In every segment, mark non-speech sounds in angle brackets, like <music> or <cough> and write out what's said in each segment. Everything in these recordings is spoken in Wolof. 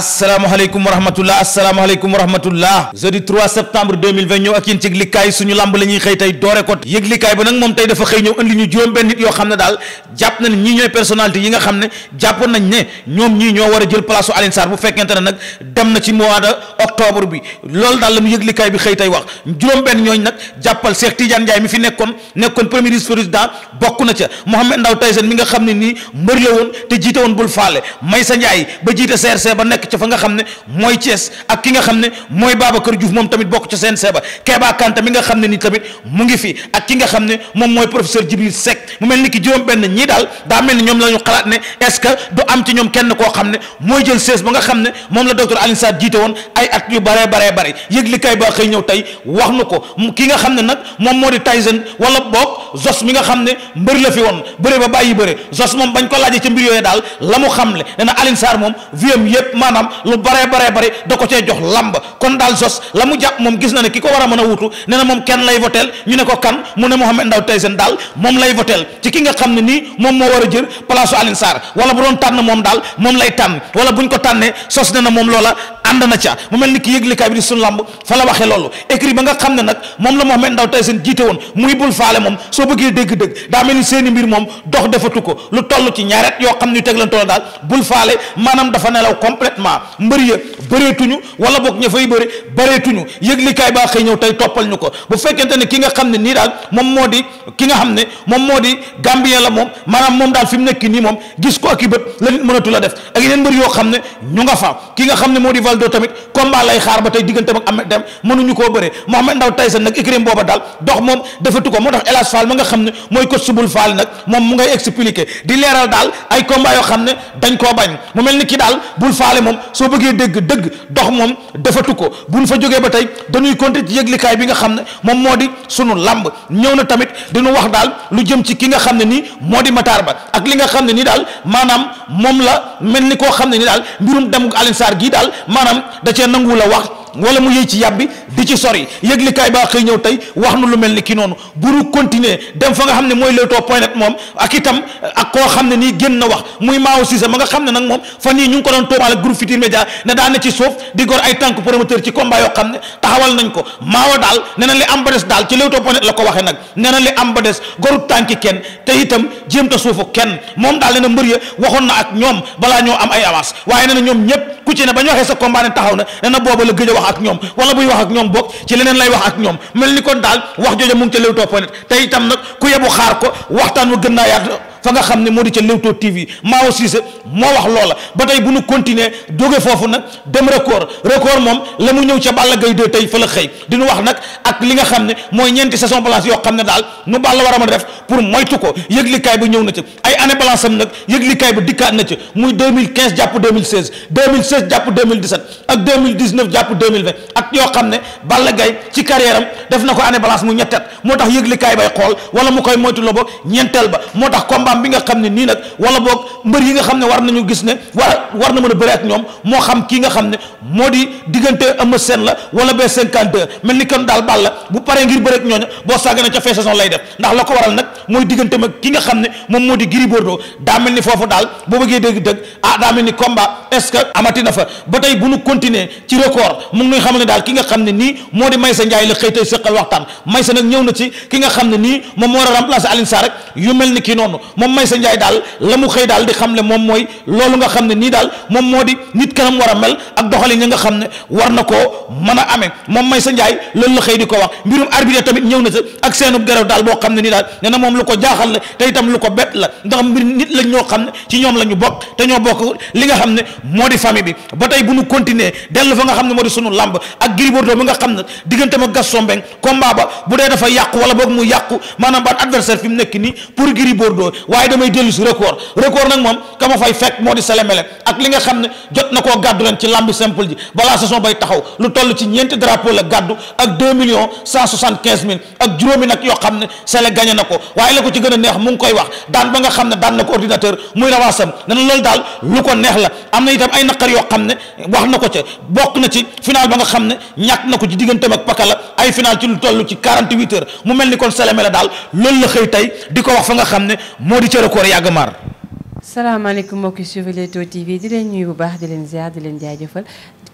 asalaamaaleykum wa rahmatullah asalaamaaleykum wa rahmatullah jeudi 3 septembre 2020 ñëw ak yéen ci yëglikaay suñu lamb la ñuy xëy tey doore ko yëglikaay ba nag moom tey dafa xëy ñëw andi ñu juróom benn nit yoo xam ne daal jàpp na ne ñoom ñii ñoo war a jël place u bu fekkente ne nag dem na ci mois de octobre bi loolu daal la mu yëglikaay bi xëy tey wax juróom benn ñooñu nag jàppal Cheikh Tidiane Ndiaye mi fi nekkoon nekkoon premier vice-président bokk na ca Mohamed Ndaw Tyson nga ne nii mbër la ca fa nga xam ne mooy Thiès ak ki nga xam ne mooy kër Diouf moom tamit bokk ca seen seeba Keba Kante mi nga xam ne ni tamit mu ngi fi ak ki nga xam ne moom mooy professeur Djibril Seck mu mel ni ki juróom-benn ñii daal daa mel ni ñoom la ñu xalaat ne est-ce que du am ci ñoom kenn koo xam ne mooy jël sees ba nga xam ne moom la docteur Alioune Sarr jiite woon ay at yu baree baree bare yëg li kay ba xëy ñëw tey wax nu ko ki nga xam ne nag moom moo di Tyson wala boog zos mi nga xam ne mbër la fi woon bëre ba bàyyi bëre zos moom bañ ko laajee ci mbir yooyu daal la mu xam ne nee na Alioune Sarr moom viam yëpp maanaam lu baree baree bari da ko cee jox lamb kon daal zos la mu jàpp moom gis na ne ki ko war a mën a wutu nee na moom kenn lay voteel ñu ne ko kan mu ne Mohamed Ndao Tyson daal moom lay voteel ci ki nga xam ne nii moom moo war a jër palaasu Alioune Sarr wala bu doon tànn moom daal moom lay tànn wala buñ ko tànnee sos ne na moom loola ànd na ca mu mel ni ki yëglikaay bi di suñu làmb fa la waxee loolu écrit ba nga xam ne moom la Mohamed Ndao tey seen jiite woon muy bul faale moom soo bëggee dégg-dëgg daa mel ni seeni mbir moom dox defatu ko ne teg leen toll daal bul faale maanaam dafa nelaw complètement mbër ya bëreetuñu wala boog ña fay bëri bëreetuñu yëglikaay baa xëy ñëw tey toppal ñu ko bu fekkente ne ki nga xam ne nii daal moom moo di ki nga xam ne moom moo di gambien la moom maanaam moom daal fi mu nekk nii moom gis ko ak i bët la nit mënatu la def ak yeneen mbër yoo xam ne ñu nga fa ki nga xam ne moo di val do tamit combat lay xaar ba tey digganteem ak Ahmed Deme mënuñu koo bëre Mohamed Ndaw Tyson nag écrim booba daal dox moom defatu ko moo tax El Hadj ma nga xam ne mooy coach subul Fall nag moom mu ngay expliquer di leeral daal ay combat xam ne dañ koo bañ mu mel ni ki daal bul faale moom soo bëggee dégg dëgg dox moom defatu ko buñ fa jógee ba tey dañuy compter ci yëglikaay bi nga xam ne moom moo di sunu lamb ñëw na tamit diñu wax daal lu jëm ci ki nga xam ne nii moo di mataar Ba ak li nga xam ne nii daal maanaam moom la mel ni koo xam ne nii daal mbirum dem Alioune Sarr gii daal maanaam maanaam da cee nangu la wax wala mu yëy ci yàbbi di ci sori yëglikaay baa xëy ñëw tey wax na lu mel ni ki noonu buru continuer dem fa nga xam ne mooy Leewtoo point net moom ak itam ak koo xam ne nii génn na wax muy Maaw Cissé ma nga xam ne nag moom fan yii ñu ngi ko doon toobaal ak groupe Futurs Médias ne daa ne ci suuf di gor ay tànk promoteur ci combat xam ne taxawal nañ ko Maawa daal nee na li am ba des daal ci Leewtoo point net la ko waxee nag nee na li am ba des gorut tànki kenn te itam ta suufu kenn moom daal nee na waxoon na ak ñoom balaa ñoo ay avance waaye nee na ñoom ñëpp ku ci ne ba ñu taxaw na nee na booba wax ak ñoom wala buy wax ak ñoom bokk ci leneen lay wax ak ñoom mel ni kon daal wax jooja mu ngi ca Leewtoo tey itam nag ku yebu xaar ko waxtaan wu gën naa yaatu fa nga xam ne moo di ca Leewtoo TV o Cissé moo wax loola ba tey bu nu continuer jóge foofu nag dem record record moom la mu ñëw ca Balla Gaye 2 tey fa la xëy di nu wax nag ak li nga xam ne mooy ñeenti saison balance yoo xam ne daal nu Balla war a mën a def pour moytu ko yëglikaay bi ñëw na ca ay année balance am nag yëglikaay bi dikkaat na ca muy 2015 jàpp jàpp jàpp ak yoo xam ne Balla Gaye ci carrière am def na ko année balance mu ñettet moo tax yëglikaay combat bi nga xam ne nii nag wala boog mbër yi nga xam ne war nañu gis ne war war na mën a ak ñoom moo xam kii nga xam ne moo di diggante Eumeu Sène la wala B52 mel ni kon daal Balla bu paree ngir bëre ak ñooñu boo sàggee na ca fin saison lay def ndax la ko waral nag mooy diggante mag ki nga xam ne moom moo di Gris Bordeaux daa mel ni foofu daal boo bëggee dégg dëgg ah daa mel ni combat est-ce que amati na fa ba tey bu nu continuer ci record mu ngi nuy ne daal ki nga xam ne nii moo di Maysa Njaay la xëy tey sëqal waxtaan sa nag ñëw na ci ki nga xam ne nii moom moo war a remplacer Alioune rek yu mel ni kii noonu moom may sa njaay daal la mu xëy daal di xam ne moom mooy loolu nga xam ne nii daal moom moo di nit kanam war a mel ak doxalin yi nga xam ne war na koo mën a amee moom may sa njaay loolu la xëy di ko wax mbirum arbitre tamit ñëw na sa ak seenu gerew daal boo xam ne nii daal nee na moom lu ko jaaxal la te itam lu ko bett la ndax mbir nit lañ ñoo xam ne ci ñoom la ñu bokk te ñoo bokk li nga xam ne moo di famille bi ba tey bu nu continuer dellu fa nga xam ne moo di làmb ak Gris Bordeaux bi nga xam ne diggante ma Gaston Mbengue combat ba bu dee dafa yàqu wala boog mu yàqu maanaam ban adversaire fi mu nekk nii pour Gris Bordeaux waaye damay dellu si record record nag moom ka ma fay fekk moo di selemele ak li nga xam ne jot na koo gàddu ren ci lambi simple ji balaa saison bay taxaw lu toll ci ñeenti drapeau la gàddu ak deux millions cent soixante quinze mille ak juróomi nag yoo xam ne sele gagné na ko waaye la ko ci gën a neex mu ngi koy wax daan ba nga xam ne daan na ko ordinateur muy rawaasam nena loolu daal lu ko neex la am na itam ay naqar yoo xam ne wax na ko ca bokk na ci ba nga xam ne ñàkk na ko ci digganteem ak pakala ay final ci ci quarante huit heures mu mel ni kon selemele daal loolu la xëy tey di ko wax fa nga xam ne moo di cër koor yàgg maar. salaamaaleykum mbokki suivre Leewtoo TV di leen ñuy bu baax di leen ziar di leen jaajëfal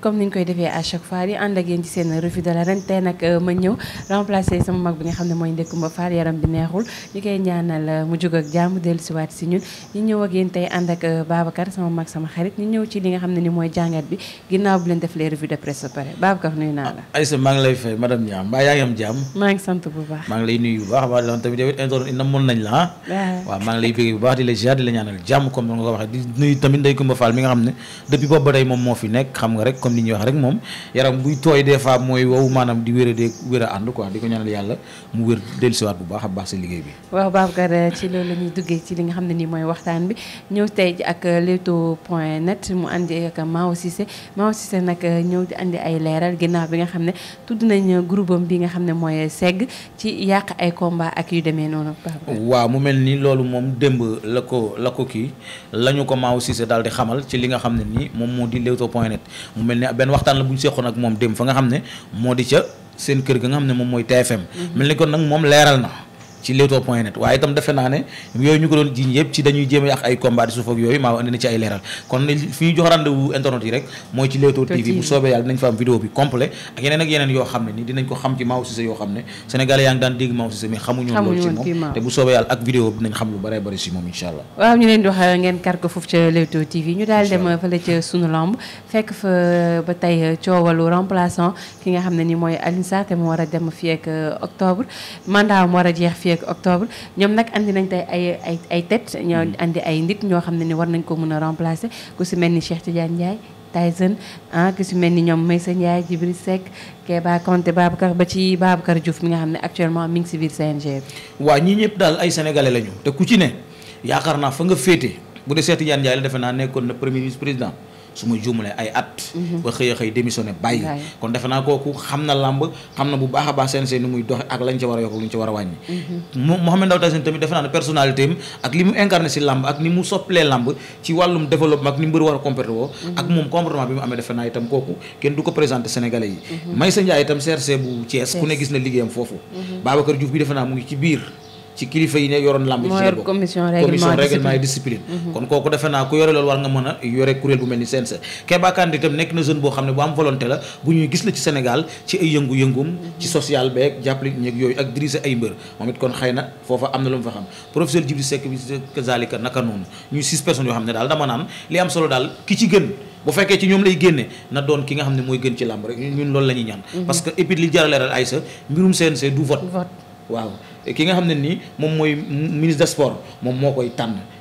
comme ni niñ koy defee à chaque fois di ànd ak yéen ci seen revue de l'arène tey nag euh, ma ñëw remplacer sama mag bi nga xam ne mooy Ndékumba Fall yaram bi neexul ñu koy ñaanal euh, mu jug ak si ñu ñëw ak yéen tey ànd ak euh, sama mag ñu ñëw ci li nga xam ne ni mooy jàngat bi ginnaaw bu leen def les revues de presse ba pare ah, bu baax maa ngi la ah waaw baax di la ziar di ko waxee di nuyu nga xam ne depuis moom moo fi nekk xam nga rek comme ni ñuy wax rek moom yaram buy tooy des fois mooy wow maanaam di wér a dee wér a ànd quoi di ko ñaanal yàlla mu wér a baax si liggéey bi. waaw Babacar ne nii mooy waxtaan bi ak Mao Cissé Mao Cissé nag ñëw di ay leeral ginnaaw bi nga xam ne tudd nañ groupe am bi nga xam ne mooy segg ci yàq ay combat ak yu demee noonu. waaw mu mel ni loolu moom démb la ko la ko kii la ñu ko Mao Cissé daal xamal ci li nga xam ne nii moom moo di Leewtoo point net mu mel mel ni benn waxtaan la bu ñu seqoon moom dem fa nga xam ne moo di ca seen kër ga nga xam ne moom mooy TFM mhm. mel ni kon nag moom leeral na ci leewtoo point net waaye itam defe naa ne yooyu ñu ko doon jiiñ yëpp ci dañuy jéem a yàq ay combat di suuf yooyu maa indi na ci ay leeral kon fi ñu jox rendez internet yi rek mooy ci leewtoo tv bu soobee yàlla dinañ fa am vidéo daan dégg Mao si moom incha allah waaw ñu leen di wax ngeen kar ko foofu ca leewtoo tv ñu daal dem fële ca sunu lamb fekk fa ba tey coowalu remplaçant ki nga xam ne ni mooy Alioune Sarr mu war a dem fi ak euh, octobre mandat fii octobre ñoom nag indi nañ tey ay ay ay tête ñoo indi mm. ay nit ñoo xam ne ni war nañ ko mën a remplacé ku si mel ni Cheikh Tidiane Ndiaye Tyson ah ku si mel ni ñoom Maysa Ndiaye Djibril Seck Keba Konté Babacar ba ci Babacar Diouf mi nga xam ne actuellement mi ngi si biir CNG bi waaw ñii ñëpp daal ay sénégalais lañu te ku ci ne yaakaar naa fa nga féete bu dee Cheikh Tidiane Ndiaye la defe naa nekkoon na premier vice président su ma juumalee ay at mhm. ba xëy a xëy démissionné bàyyi kon defe naa kooku xam na làmb xam na bu baax a seen seen ni muy doxe ak lañ ci war a yokk lu ñu ci war a wàññi mhm. mu incarné si làmb ak ni mu soppalee làmb ci wàllum développement ak ni mbër war a comporté woo mhm. ak moom comportement bi mu amee defe naa itam kooku kenn du ko présenté sénégalais yi Maysa Ndiaye itam CRC bu Thiès ku ne gis na liggéeyam foofu Babacar Diouf bi defe naa mu ngi ci kilifa yi ne yoroon làmb ji bokk commission règlement et discipline mhm. kon kooku defe naa ku yore loolu war nga mën yore kuréel bu mel ni CNG Keba Kandé itam nekk na jeune boo xam ne bu am volonté la bu ñuy gis la ci Sénégal ci ay yëngu-yëngum mhm. ci social beeg jàppale ñeeg yooyu ak diriger ay mbër moom it kon xëy na foofa am na lu mu fa xam professeur Djibril Seck bi kazalika naka noonu ñuy six personnes yoo xam ne daal dama naan li am solo daal ki ci gën lay génne na doon ki nga xam ne mooy gën ci làmb rek ñun loolu la ñuy ñaan mhm. parce que et puis li jaraleeral ki nga xam ne nii moom mooy ministre des sports moom moo koy tànn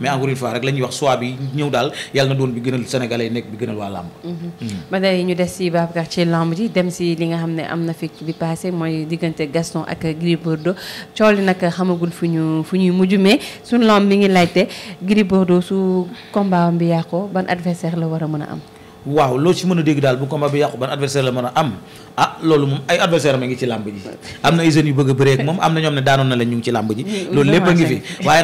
mais encore une fois rek la ñuy wax soit bi ñëw daal yàlla na doon bi gënal sénégalais nekk bi gënal waa làmb mm-hmm. ba yi ñu des si Babacar ci làmb ji dem si li nga xam ne am na fi bi passé mooy diggante Gaston ak Gris Bordeaux coow li nag xamagul fu ñu fu ñuy mujj me su làmb mi ngi laajte Gris Bordeaux su combat bi yàqoo ban adversaire la war a mën a am waaw loo ci mën a dégg daal bu combat bi yàqu ban adversaire la mën a am ah loolu moom ay adversaire ma ngi ci làmb ji am na ay jeunes yu bëgg a bëree ak moom am na ñoom ne daanoon na leen ñu ngi ci làmb ji mm-hmm. loolu lépp a ngi mm-hmm. bi ah,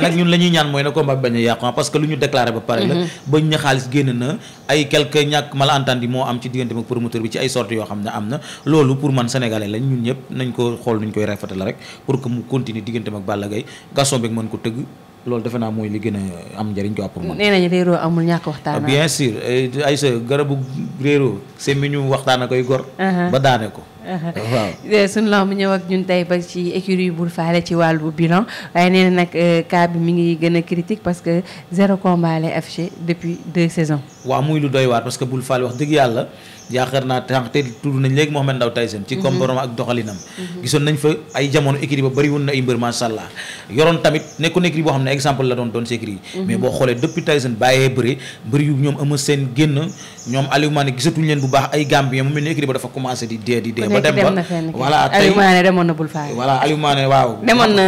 mm-hmm. moo am ci diggante ak promoteur bi ci ay sorties yoo xam ne am na loolu pour man sénégalais lañ ñun ñëpp nañ ko xool nuñ koy rafetal rek pour que mu continuer diggante ak Balla Gaye Gaston Mbengue mën ko tëgg loolu defe naa mooy li gën a am njëriñ quoi pour moom. nee amul ñàkk waxtaan ah, bien sûr eh, ay sa garabu réeroo semmi ñu waxtaan a koy gor. Uh-huh. ba daane ko. waaw suñu lamb mu ñëw ak ñun tey ba ci écurie bul faale ci wàllu bilan waaye nee nag euh, cas bi mi ngi gën a critique parce que zéro combat lay depuis deux saisons. waaw muy lu doy waar parce que bul faale wax dëgg yàlla yaakaar naa tànq te tudd nañ léegi Mouhamed Ndao Tyson ci comportement mhm. ak doxalinam. Mhm. gisoon nañ fa ay jamono écurie ba bëri na ay mbër macha yoroon tamit nekkoon écurie boo xam ne exemple la doon doon si écurie yi. Mhm. mais boo xoolee depuis Tyson bu baax ba dem ba voilà tey Aliou Mané demoon na bul faale voilà Aliou Mané waaw demoon na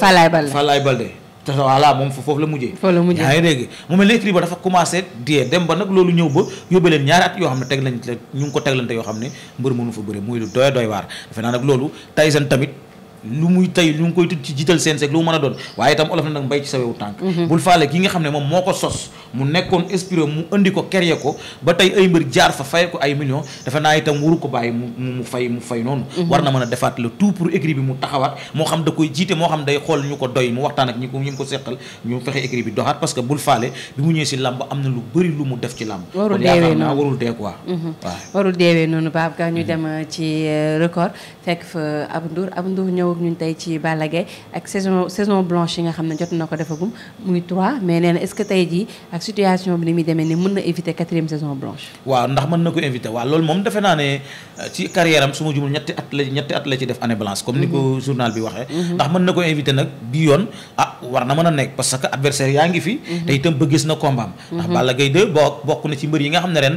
Falaye Balde Falaye Balde te voilà moom foofu la mujjee foofu la mujjee yaa ngi dégg mu mel l'écrit ba dafa commencé diyee dem ba nag loolu ñëw ba yóbbe leen ñaari at yoo xam ne teg lañ ñu ngi ko lante yoo xam ne mbër mënu fa bëre muy lu doy doy waar defe naa nag loolu Tyson tamit lu muy tey lu ngi koy tudd ci jiital seen seeg lu mu mën a doon waaye itam olof na nag mbay ci sawewu tànk mhm. bul faale ki nga xam ne moom moo ko sos mu nekkoon inspiré mu indi ko créé ko ba tey ay mhm. a defaat ñu dem euh, ci euh, record fekk fa Abou Ndour Abou Ndour ñëw ak ñun tey ci Balla Gaye ak saison saison blanche yi nga xam ne jot na ko defagum muy 3 mais nee na est-ce que tey jii ak situation bi ni muy demee ni mën na éviter quatrième saison blanche. waaw ndax mën na ko éviter waaw loolu ne euh, ci carrière am ma jumul ñetti at la at la ci def année blanche. comme ni ko mhm. journal bi waxee. Mhm. na ko éviter nag bi yoon ah war na mën a nekk parce que adversaire yaa ngi fi. Mhm. te itam ba gis na combat am. ndax Balla Gaye 2 bokk na ci mbër yi nga xam ne ren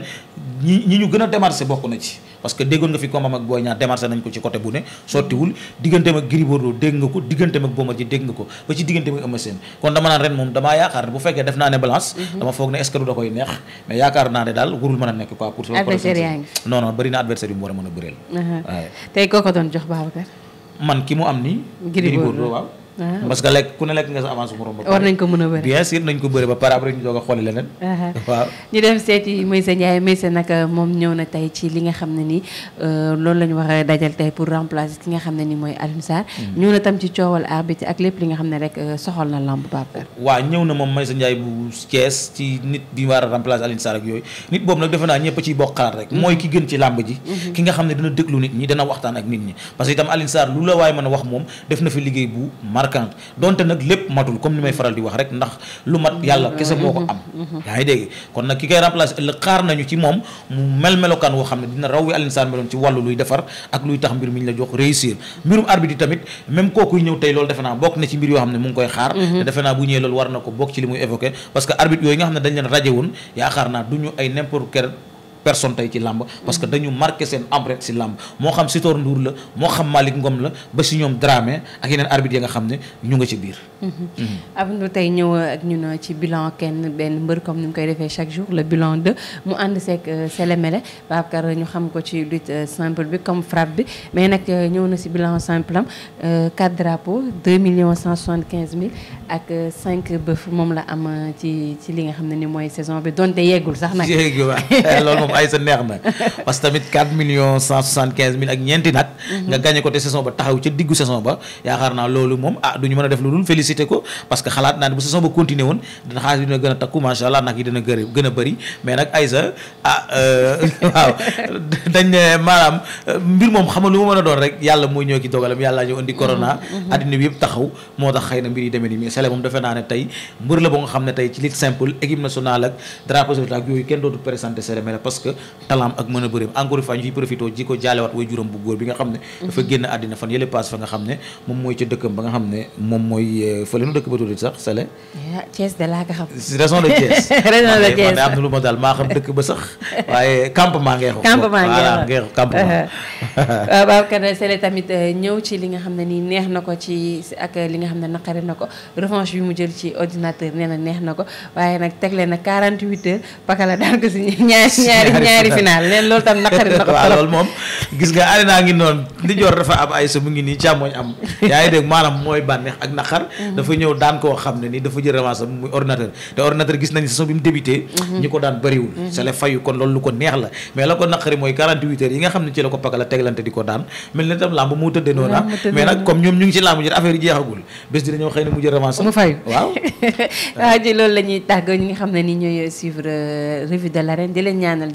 ñi ñi ñu gën a démarrer bokk na ci. parce que déggoon nga fi combat ak Boy Niang démarché nañ ko ci côté bu ne sottiwul digganteem ak Gris dégg nga ko digganteem ak Bombardier dégg nga ko ba ci digganteem ak Eumeu Sène kon dama naan ren moom damaa yaakaar ne bu fekkee def naa ne balance mhm. dama foog ne est-ce koy neex mais yaakaar naa ne daal warul mën a nekk quoi pour non non bëri na adversaire yu mu war a mën a bëreel waaw uh-huh. tey koo doon jox Babacar man Ah. parce que lekk ku ne lekk nga sa avance bu morom ba war a a ah, ah. <laughs> Euh, ñëw na tey ci li euh, a dajal tey pour mm-hmm. euh, bu Thiès ci nit bi war a remplacer Alioune ak yooyu nit boobu nag defe naa ñëpp ciy bokk rek mm-hmm. mooy ki gën ci làmb ji mm-hmm. ki nga xam ne dina déglu nit ñi dana waxtaan ak nit ñi parce que itam Alioune lu la waay mën a wax moom def na fi liggéey bu arkan donte nag lépp matul comme ni may faral di wax rek ndax lu mat yàlla kese moo ko am yaa dégg kon nag ki koy remplacer xaar nañu ci moom mu mel melokaan woo xam ne dina raw wi Alioune meloon ci wàllu luy defar ak luy tax mbir mi ñu la jox réussir mbirum arbitre yi tamit même kookuy ñëw tey loolu defe naa bokk na ci mbir yoo xam ne mu ngi koy xaar mhm. te defe naa bu ñëwee loolu war na ko bokk ci li muy évoqué parce que arbitre yooyu nga xam ne dañ leen personne tey ci làmb parce que dañu marqué seen empreinte si làmb moo xam Sitor Ndour la moo xam Malick Ngom la ba si ñoom Dramé ak yeneen arbitre yi nga xam ne ñu nga ci biir mm-hmm. Abdou tey ñëw ak ñun ci bilan kenn benn mbër comme ni mu koy defee chaque jour le bilan de mu ànd seeg euh, Sélémélé Babacar ñu xam ko ci lutte euh, simple bi comme frappe bi mais nag euh, ñëw na si bilan simple am 4 drapeaux 2 millions quinze mille ak cinq bëf moom la am ci ci li nga xam ne ni mooy saison bi donte yeggul sax nag <laughs> waaye sa neex na parce tamit 4 millions 175 mille ak ñeenti nag nga gagné ko te saison ba taxaw ca diggu saison ba yaakaar naa loolu moom ah du ñu mën a def lu dul félicité ko parce que xalaat naa ne bu saison ba continuer woon dina xaalis bi dina gën a takku nag yi dina ah euh, <laughs> waaw dañ ne maanaam mbir moom xamal lu mu mën a doon rek yàlla mooy ñëw ki dogalam yàlla ñëw indi corona mm-hmm, mm-hmm. addina bi yëpp taxaw moo tax xëy na mbir yi demee nii mais que talaam ak mën a bëréem encore une fois ñu fiy profité ji ko jaalewaat way juróom bu góor bi nga xam ne dafa mhm. génn àddina fan yële paas fa nga xam ne moom mooy ca dëkkam ba nga xam ne moom mooy euh, fële nu dëkk ba tudd sax sale Thiès de laa ko xam raison de Thiès <laughs> raison de am na lu ma daal maa xam dëkk ba sax <laughs> waaye campement ngay xool campement ngay xool campement uh-huh. <laughs> waaw kan sele tamit euh, ñëw ci li nga xam ne nii neex na ko ci ne naqari na ko revanche bi ordinateur nee ñaari final leen loolu tam naqari na ko <laughs> waaw loolu moom mhm. daan koo xam ne mhm. mhm. kon loolu lu ko neex la mais la ko naqari mooy 48 heures yi nga xam ne ci a ah. mu jël revanche mu fayu waaw <laughs> waaw ji loolu la tàgg ñi nga xam ne ni ñooy suivre euh, revue de l'arène di leen ñaanal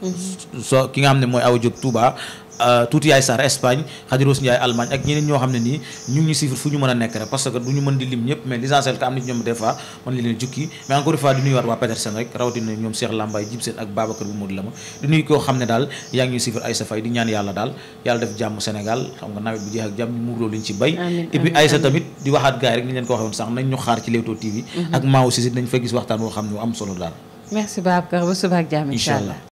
Mm-hmm. so ki nga xam ne mooy Awa Diop Touba euh, tuuti yaay Sarr Espagne Khadiros Ndiaye Allemagne ak ñeneen ñoo xam ne nii ñu ngi ñu fu ñu mën a nekk rek parce que du ñu mën di lim ñëpp mais l'essentiel que am na ci ñoom des fois mën li leen jukki mais encore une xam ne daal yaa ngi ñuy suivre Aïssa di ñaan yàlla daal yàlla def jàmm Sénégal xam nga nawet bu jeex ak jàmm ñu muurloo liñ ci bay et puis tamit di waxaat gars yi rek ni leen ko waxee woon sax nañ ñu xaar